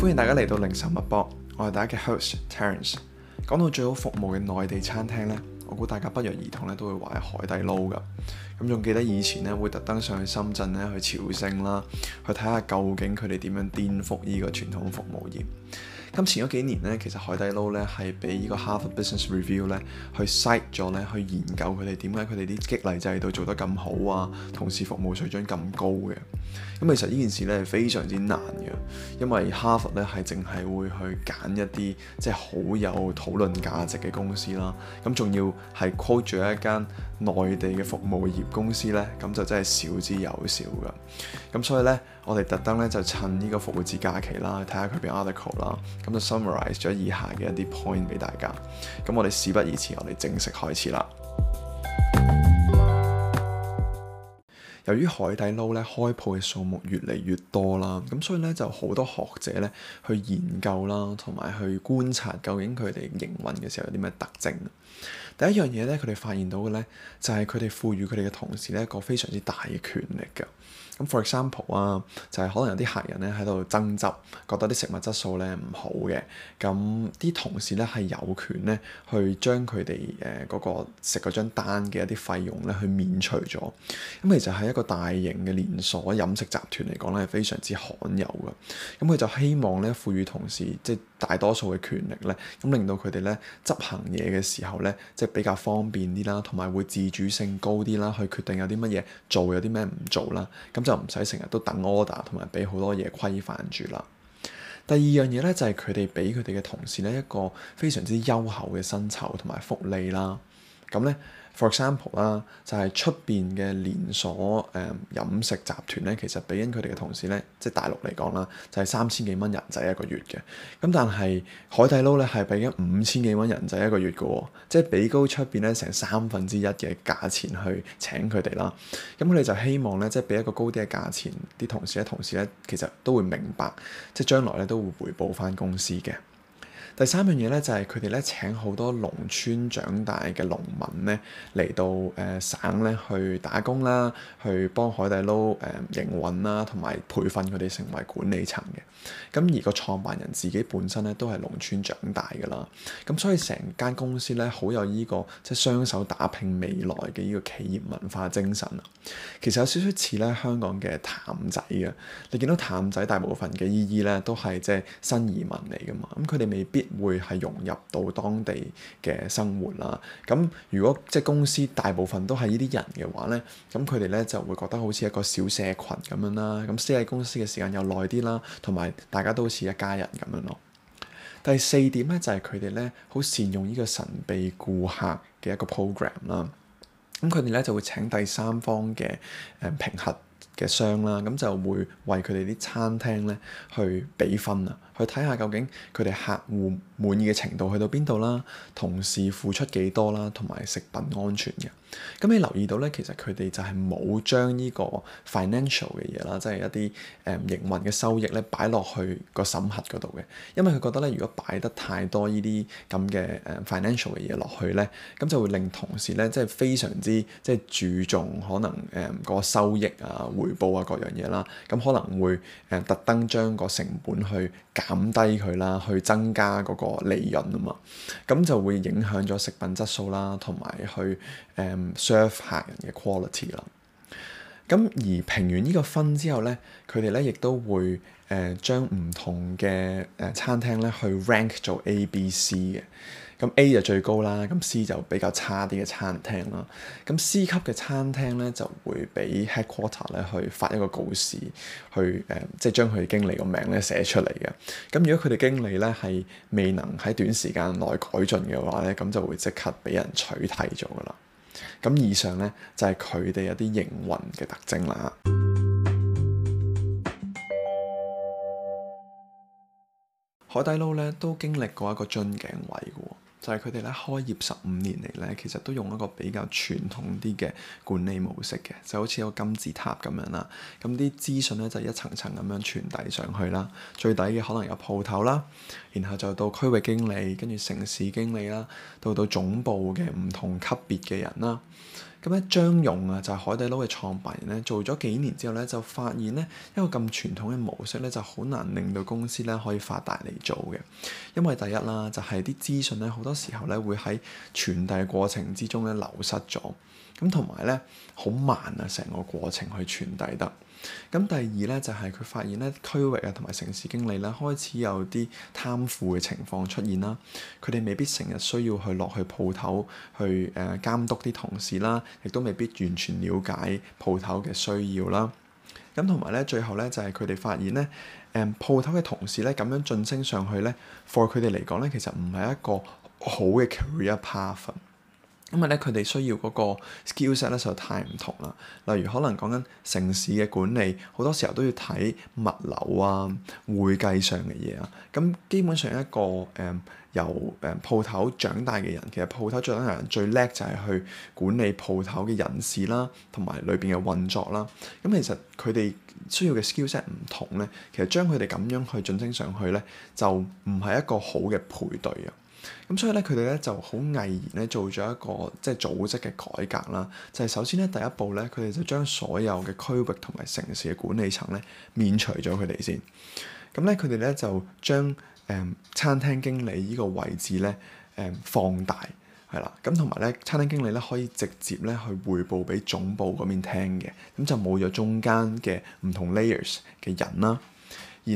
歡迎大家嚟到零售脈搏，我係大家嘅 host Terence。講到最好服務嘅內地餐廳呢，我估大家不約而同咧都會話係海底撈噶。咁仲記得以前咧會特登上去深圳咧去朝聖啦，去睇下究竟佢哋點樣顛覆呢個傳統服務業。咁前嗰幾年咧，其實海底撈咧係俾呢個哈佛 Business Review 咧去 cite 咗咧，去研究佢哋點解佢哋啲激勵制度做得咁好啊，同時服務水準咁高嘅。咁其實呢件事咧係非常之難嘅，因為哈佛咧係淨係會去揀一啲即係好有討論價值嘅公司啦。咁仲要係 quote 住一間內地嘅服務業公司咧，咁就真係少之又少嘅。咁所以咧，我哋特登咧就趁呢個復活節假期啦，睇下佢哋 article 啦。咁，summarize 咗以下嘅一啲 point 俾大家。咁，我哋事不宜遲，我哋正式開始啦。由於海底撈咧開鋪嘅數目越嚟越多啦，咁所以咧就好多學者咧去研究啦，同埋去觀察究竟佢哋營運嘅時候有啲咩特徵。第一樣嘢咧，佢哋發現到嘅咧就係佢哋賦予佢哋嘅同事咧一個非常之大嘅權力嘅。咁 for example 啊，就係可能有啲客人咧喺度爭執，覺得啲食物質素咧唔好嘅，咁啲同事咧係有權咧去將佢哋誒嗰個食嗰張單嘅一啲費用咧去免除咗。咁其實係一個大型嘅連鎖飲食集團嚟講咧係非常之罕有嘅，咁佢就希望咧賦予同事即係。就是大多數嘅權力咧，咁令到佢哋咧執行嘢嘅時候咧，即係比較方便啲啦，同埋會自主性高啲啦，去決定有啲乜嘢做，有啲咩唔做啦。咁就唔使成日都等 order，同埋俾好多嘢規範住啦。第二樣嘢咧，就係佢哋俾佢哋嘅同事咧一個非常之優厚嘅薪酬同埋福利啦。咁咧。For example 啦，就係出面嘅連鎖誒飲食集團咧，其實俾緊佢哋嘅同事咧，即係大陸嚟講啦，就係三千幾蚊人仔一個月嘅。咁但係海底撈咧係俾緊五千幾蚊人仔一個月嘅喎，即係俾高出面咧成三分之一嘅價錢去請佢哋啦。咁佢哋就希望咧，即係俾一個高啲嘅價錢，啲同事咧，同事咧其實都會明白，即係將來咧都會回報返公司嘅。第三樣嘢咧就係佢哋咧請好多農村長大嘅農民咧嚟到誒、呃、省咧去打工啦，去幫海底撈誒、呃、營運啦，同埋培訓佢哋成為管理層嘅。咁而個創辦人自己本身咧都係農村長大噶啦，咁所以成間公司咧好有依、這個即係、就是、雙手打拼未來嘅依個企業文化精神啊。其實有少少似咧香港嘅譚仔嘅，你見到譚仔大部分嘅姨姨咧都係即係新移民嚟噶嘛，咁佢哋未必，會係融入到當地嘅生活啦。咁如果即係公司大部分都係呢啲人嘅話咧，咁佢哋咧就會覺得好似一個小社群咁樣啦。咁 stay 喺公司嘅時間又耐啲啦，同埋大家都好似一家人咁樣咯。第四點咧就係佢哋咧好善用呢個神秘顧客嘅一個 program 啦。咁佢哋咧就會請第三方嘅誒評核嘅商啦，咁就會為佢哋啲餐廳咧去比分啊。去睇下究竟佢哋客戶滿意嘅程度去到邊度啦，同事付出幾多啦，同埋食品安全嘅。咁你留意到咧，其實佢哋就係冇將呢個 financial 嘅嘢啦，即係一啲誒營運嘅收益咧擺落去個審核嗰度嘅，因為，佢覺得咧，如果擺得太多呢啲咁嘅誒 financial 嘅嘢落去咧，咁就會令同事咧即係非常之即係注重可能誒、呃個收益啊、回報啊各樣嘢啦，咁可能會誒、呃、特登將個成本去減。抌低佢啦，去增加嗰個利潤啊嘛，咁就會影響咗食品質素啦，同埋去誒 serve 客人嘅 quality 啦。咁而評完呢個分之後咧，佢哋咧亦都會誒將唔同嘅誒餐廳咧去 rank 做 A、B、C 嘅。咁 A 就最高啦，咁 C 就比較差啲嘅餐廳啦。咁 C 級嘅餐廳咧就會俾 Headquarter 咧去發一個告示，去誒即係將佢經理個名咧寫出嚟嘅。咁如果佢哋經理咧係未能喺短時間內改進嘅話咧，咁就會即刻俾人取締咗噶啦。咁以上咧就係佢哋有啲營運嘅特徵啦。海底撈咧都經歷過一個樽頸位嘅。就係佢哋咧開業十五年嚟咧，其實都用一個比較傳統啲嘅管理模式嘅，就好似個金字塔咁樣啦。咁啲資訊咧就一層層咁樣傳遞上去啦。最底嘅可能有鋪頭啦，然後就到區域經理，跟住城市經理啦，到到總部嘅唔同級別嘅人啦。咁咧，張勇啊，就係、是、海底撈嘅創辦人咧，做咗幾年之後咧，就發現咧，一個咁傳統嘅模式咧，就好難令到公司咧可以發達嚟做嘅。因為第一啦，就係、是、啲資訊咧好多時候咧會喺傳遞過程之中咧流失咗，咁同埋咧好慢啊，成個過程去傳遞得。咁第二咧，就係佢發現咧，區域啊同埋城市經理咧，開始有啲貪腐嘅情況出現啦，佢哋未必成日需要去落去鋪頭去誒監督啲同事啦，亦都未必完全了解鋪頭嘅需要啦。咁同埋咧，最後咧，就係佢哋發現咧誒鋪頭嘅同事咧，咁樣晉升上去咧，for 佢哋嚟講咧，其實唔係一個好嘅 career path。因為咧，佢哋需要嗰個 skillset 咧就太唔同啦。例如可能講緊城市嘅管理，好多時候都要睇物流啊、會計上嘅嘢啊。咁基本上一個誒、呃、由誒鋪頭長大嘅人，其實鋪頭長大嘅人最叻就係去管理鋪頭嘅人事啦，同埋裏邊嘅運作啦。咁其實佢哋需要嘅 skillset 唔同咧，其實將佢哋咁樣去晉升上去咧，就唔係一個好嘅配對啊。咁所以咧，佢哋咧就好毅然咧做咗一個即係組織嘅改革啦。就係、是、首先咧，第一步咧，佢哋就將所有嘅區域同埋城市嘅管理層咧免除咗佢哋先。咁咧，佢哋咧就將誒餐廳經理依個位置咧誒放大，係啦。咁同埋咧，餐廳經理咧、嗯、可以直接咧去匯報俾總部嗰邊聽嘅，咁就冇咗中間嘅唔同 layers 嘅人啦。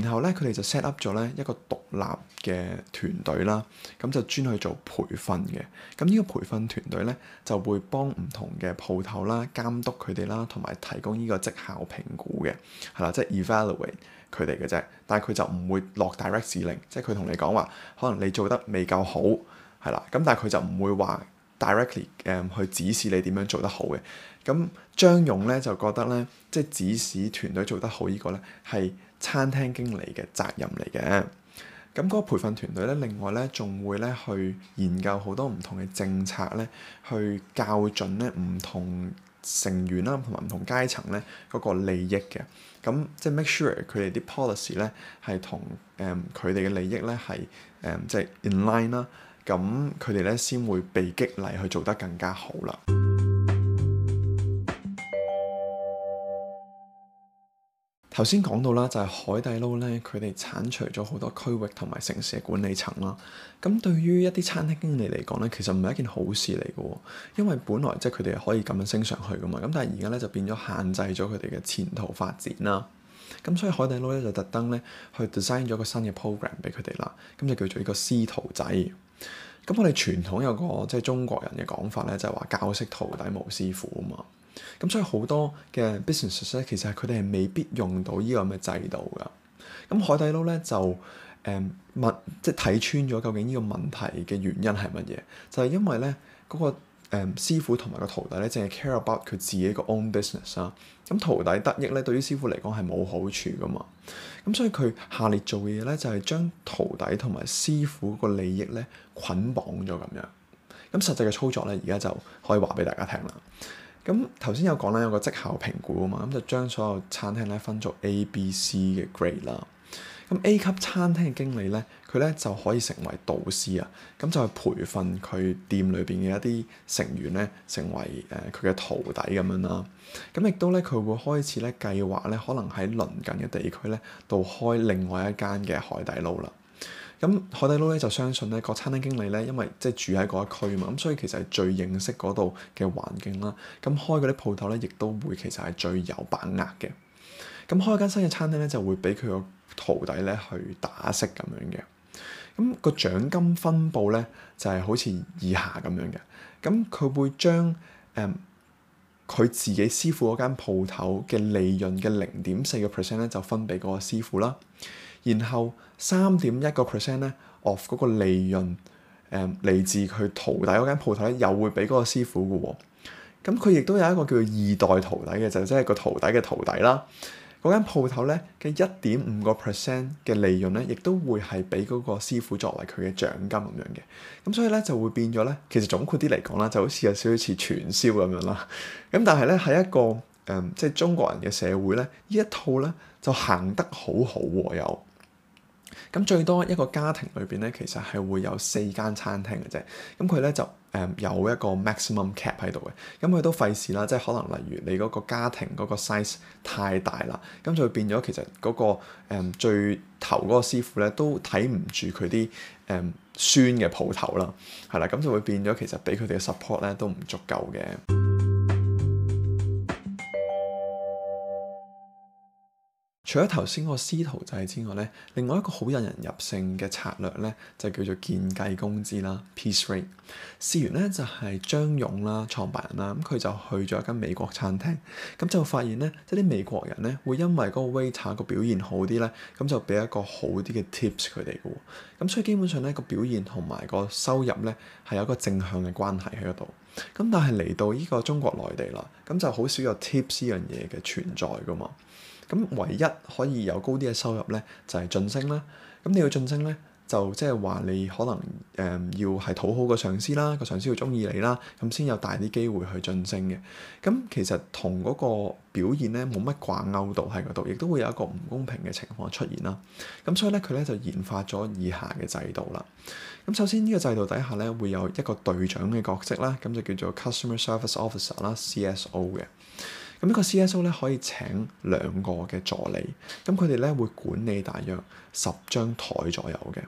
然後咧，佢哋就 set up 咗咧一個獨立嘅團隊啦，咁就專去做培訓嘅。咁呢個培訓團隊咧就會幫唔同嘅鋪頭啦，監督佢哋啦，同埋提供呢個績效評估嘅，係啦，即係 evaluate 佢哋嘅啫。但係佢就唔會落 direct 指令，即係佢同你講話，可能你做得未夠好，係啦。咁但係佢就唔會話，Directly 誒、um, 去指示你點樣做得好嘅，咁張勇咧就覺得咧，即係指使團隊做得好個呢個咧，係餐廳經理嘅責任嚟嘅。咁、那、嗰個培訓團隊咧，另外咧仲會咧去研究好多唔同嘅政策咧，去校準咧唔同成員啦，同埋唔同階層咧嗰個利益嘅。咁即係 make sure 佢哋啲 policy 咧係同誒佢哋嘅利益咧係誒即係 in line 啦。咁佢哋咧先會被激勵去做得更加好啦。頭先講到啦，就係海底撈咧，佢哋剷除咗好多區域同埋城市嘅管理層啦。咁對於一啲餐廳經理嚟講咧，其實唔係一件好事嚟嘅，因為本來即係佢哋可以咁樣升上去嘅嘛。咁但係而家咧就變咗限制咗佢哋嘅前途發展啦。咁所以海底撈咧就特登咧去 design 咗個新嘅 program 俾佢哋啦。咁就叫做呢個師徒仔。咁我哋傳統有個即係中國人嘅講法咧，就係、是、話教識徒弟無師傅啊嘛。咁所以好多嘅 business 咧，其實係佢哋係未必用到呢個咁嘅制度噶。咁海底撈咧就誒問、嗯，即係睇穿咗究竟呢個問題嘅原因係乜嘢？就係、是、因為咧嗰、那個。誒師傅同埋個徒弟咧，淨係 care about 佢自己個 own business 啦。咁徒弟得益咧，對於師傅嚟講係冇好處噶嘛。咁所以佢下列做嘅嘢咧，就係將徒弟同埋師傅個利益咧捆綁咗咁樣。咁實際嘅操作咧，而家就可以話俾大家聽啦。咁頭先有講咧，有個績效評估啊嘛，咁就將所有餐廳咧分做 A、B、C 嘅 grade 啦。咁 A 級餐廳嘅經理咧，佢咧就可以成為導師啊，咁就係培訓佢店裏邊嘅一啲成員咧，成為誒佢嘅徒弟咁樣啦。咁亦都咧，佢會開始咧計劃咧，可能喺鄰近嘅地區咧，度開另外一間嘅海底撈啦。咁海底撈咧就相信咧，個餐廳經理咧，因為即係住喺嗰一區嘛，咁所以其實係最認識嗰度嘅環境啦。咁開嗰啲鋪頭咧，亦都會其實係最有把握嘅。咁開一間新嘅餐廳咧，就會俾佢個徒弟咧去打識咁樣嘅。咁個獎金分佈咧就係好似以下咁樣嘅。咁佢會將誒佢自己師傅嗰間鋪頭嘅利潤嘅零點四個 percent 咧，就分俾嗰個師傅啦。然後三點一個 percent 咧，of 嗰個利潤誒嚟自佢徒弟嗰間鋪頭咧，又會俾嗰個師傅嘅喎。咁佢亦都有一個叫做二代徒弟嘅，就即係個徒弟嘅徒弟啦。嗰間鋪頭咧嘅一點五個 percent 嘅利潤咧，亦都會係俾嗰個師傅作為佢嘅獎金咁樣嘅，咁所以咧就會變咗咧。其實總括啲嚟講啦，就好似有少少似傳銷咁樣啦。咁但係咧喺一個誒、嗯、即係中國人嘅社會咧，呢一套咧就行得好好喎。又咁最多一個家庭裏邊咧，其實係會有四間餐廳嘅啫。咁佢咧就。誒、嗯、有一個 maximum cap 喺度嘅，咁、嗯、佢都費事啦，即係可能例如你嗰個家庭嗰個 size 太大啦，咁就會變咗其實嗰個最頭嗰個師傅咧都睇唔住佢啲誒孫嘅鋪頭啦，係啦，咁就會變咗其實俾佢哋嘅 support 咧都唔、嗯、足夠嘅。除咗頭先嗰個師徒制之外咧，另外一個好引人入勝嘅策略咧，就叫做計件工資啦 （piece rate）。事緣咧就係、是、張勇啦，創辦人啦，咁佢就去咗一間美國餐廳，咁就發現咧，即係啲美國人咧會因為嗰個 waiter 個表現好啲咧，咁就俾一個好啲嘅 tips 佢哋嘅。咁所以基本上咧、那個表現同埋個收入咧係有一個正向嘅關係喺度。咁但係嚟到呢個中國內地啦，咁就好少有 tips 呢樣嘢嘅存在噶嘛。咁唯一可以有高啲嘅收入咧，就係、是、晉升啦。咁你要晉升咧，就即係話你可能誒、呃、要係討好個上司啦，個上司要中意你啦，咁先有大啲機會去晉升嘅。咁其實同嗰個表現咧冇乜掛鈎度喺嗰度，亦都會有一個唔公平嘅情況出現啦。咁所以咧佢咧就研發咗以下嘅制度啦。咁首先呢個制度底下咧會有一個隊長嘅角色啦，咁就叫做 Customer Service Officer 啦 （CSO） 嘅。CS 咁呢個 CSO 咧可以請兩個嘅助理，咁佢哋咧會管理大約十張台左右嘅。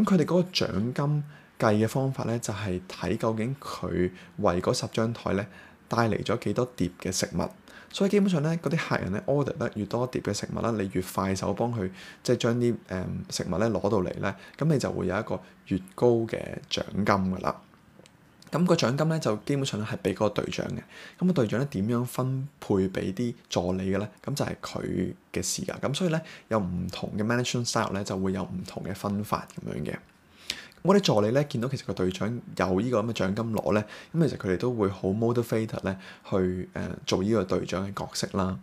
咁佢哋嗰個獎金計嘅方法咧，就係睇究竟佢為嗰十張台咧帶嚟咗幾多碟嘅食物。所以基本上咧，嗰啲客人咧 order 得越多碟嘅食物啦，你越快手幫佢即係將啲誒食物咧攞到嚟咧，咁你就會有一個越高嘅獎金㗎啦。咁個獎金咧就基本上咧係俾個隊長嘅，咁個隊長咧點樣分配俾啲助理嘅咧？咁就係佢嘅事啊。咁所以咧有唔同嘅 management style 咧就會有唔同嘅分法咁樣嘅。我哋助理咧見到其實個隊長有呢個咁嘅獎金攞咧，咁其實佢哋都會好 motivated 咧去誒做呢個隊長嘅角色啦。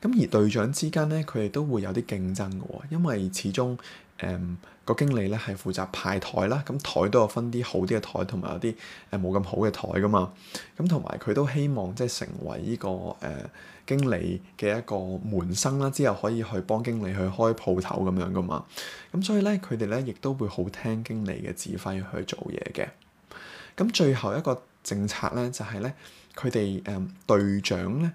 咁而隊長之間咧，佢哋都會有啲競爭嘅喎、哦，因為始終誒個、嗯、經理咧係負責派枱啦，咁枱都有分啲好啲嘅枱同埋有啲誒冇咁好嘅枱㗎嘛。咁同埋佢都希望即係成為呢、呢個誒、呃、經理嘅一個門生啦，之後可以去幫經理去開鋪頭咁樣㗎嘛。咁所以咧，佢哋咧亦都會好聽經理嘅指揮去做嘢嘅。咁最後一個政策咧，就係咧佢哋誒隊長咧，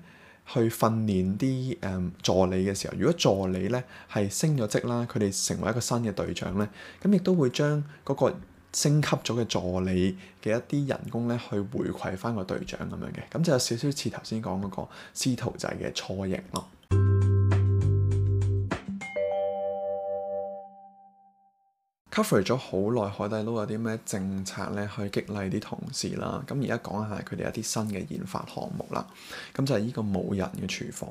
去訓練啲誒助理嘅時候，如果助理咧係升咗職啦，佢哋成為一個新嘅隊長咧，咁亦都會將嗰個升級咗嘅助理嘅一啲人工咧去回饋返個隊長咁樣嘅，咁就有少少似頭先講嗰個師徒制嘅雛形咯。cover 咗好耐，海底撈有啲咩政策咧，去激勵啲同事啦。咁而家講下佢哋一啲新嘅研發項目啦。咁就係呢個無人嘅廚房。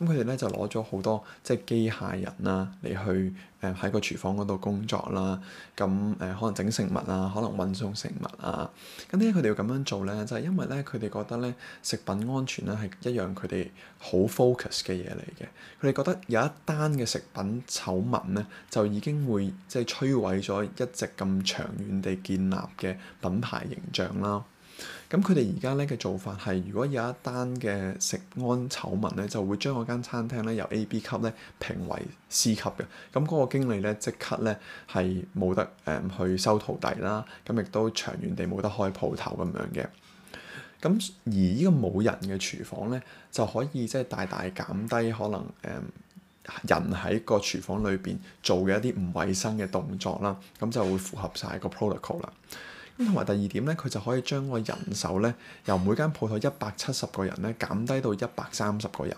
咁佢哋咧就攞咗好多即係機械人啦、啊，嚟去誒喺個廚房嗰度工作啦。咁誒、呃、可能整食物啊，可能運送食物啊。咁點解佢哋要咁樣做咧？就係、是、因為咧佢哋覺得咧食品安全咧係一樣佢哋好 focus 嘅嘢嚟嘅。佢哋覺得有一單嘅食品醜聞咧，就已經會即係、就是、摧毀。咗一直咁長遠地建立嘅品牌形象啦。咁佢哋而家咧嘅做法係，如果有一單嘅食安醜聞咧，就會將嗰間餐廳咧由 A、B 級咧評為 C 級嘅。咁、那、嗰個經理咧即刻咧係冇得誒、嗯、去收徒弟啦。咁亦都長遠地冇得開鋪頭咁樣嘅。咁、嗯、而依個冇人嘅廚房咧就可以即係大大減低可能誒。嗯人喺個廚房裏邊做嘅一啲唔衛生嘅動作啦，咁就會符合晒個 protocol 啦。咁同埋第二點咧，佢就可以將個人手咧由每間鋪頭一百七十個人咧減低到一百三十個人，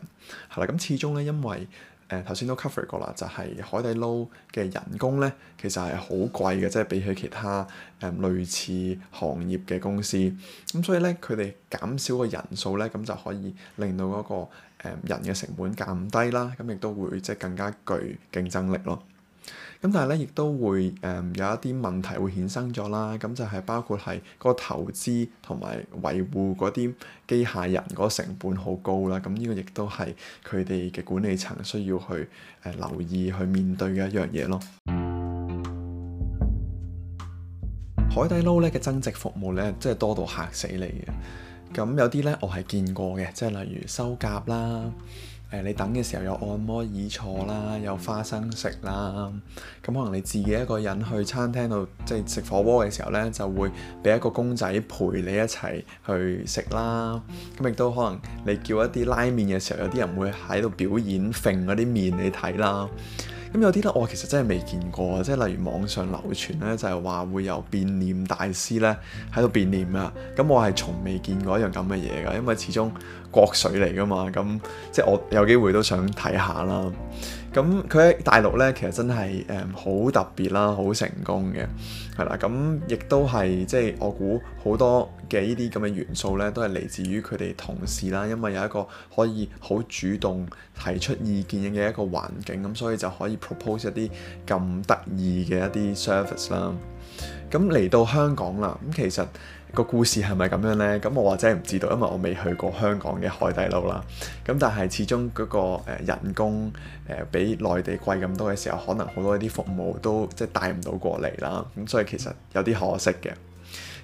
係啦。咁始終咧，因為誒頭先都 cover 過啦，就係、是、海底撈嘅人工咧，其實係好貴嘅，即係比起其他誒、呃、類似行業嘅公司，咁所以咧佢哋減少個人數咧，咁就可以令到嗰、那個誒、呃、人嘅成本減低啦，咁亦都會即係更加具競爭力咯。咁但係咧，亦都會誒、呃、有一啲問題會衍生咗啦。咁就係包括係個投資同埋維護嗰啲機械人嗰成本好高啦。咁呢個亦都係佢哋嘅管理層需要去誒、呃、留意去面對嘅一樣嘢咯。 海底撈咧嘅增值服務咧，即係多到嚇死你嘅。咁有啲咧，我係見過嘅，即係例如修甲啦。誒、呃，你等嘅時候有按摩椅坐啦，有花生食啦，咁、嗯、可能你自己一個人去餐廳度即係食火鍋嘅時候呢，就會俾一個公仔陪你一齊去食啦。咁、嗯、亦都可能你叫一啲拉麵嘅時候，有啲人會喺度表演揈嗰啲麵你睇啦。咁有啲咧，我其實真係未見過，即係例如網上流傳咧，就係話會由變臉大師咧喺度變臉啊！咁我係從未見過一樣咁嘅嘢㗎，因為始終國粹嚟㗎嘛，咁即係我有機會都想睇下啦。咁佢喺大陸咧，其實真係誒好特別啦，好成功嘅，係啦。咁亦都係即係我估好多嘅依啲咁嘅元素咧，都係嚟自於佢哋同事啦，因為有一個可以好主動提出意見嘅一個環境，咁所以就可以 propose 一啲咁得意嘅一啲 service 啦。咁嚟到香港啦，咁其實個故事係咪咁樣呢？咁我或者係唔知道，因為我未去過香港嘅海底撈啦。咁但係始終嗰個、呃、人工、呃、比內地貴咁多嘅時候，可能好多啲服務都即係帶唔到過嚟啦。咁所以其實有啲可惜嘅。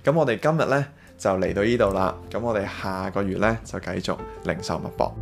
咁我哋今日呢就嚟到呢度啦。咁我哋下個月呢就繼續零售脈搏。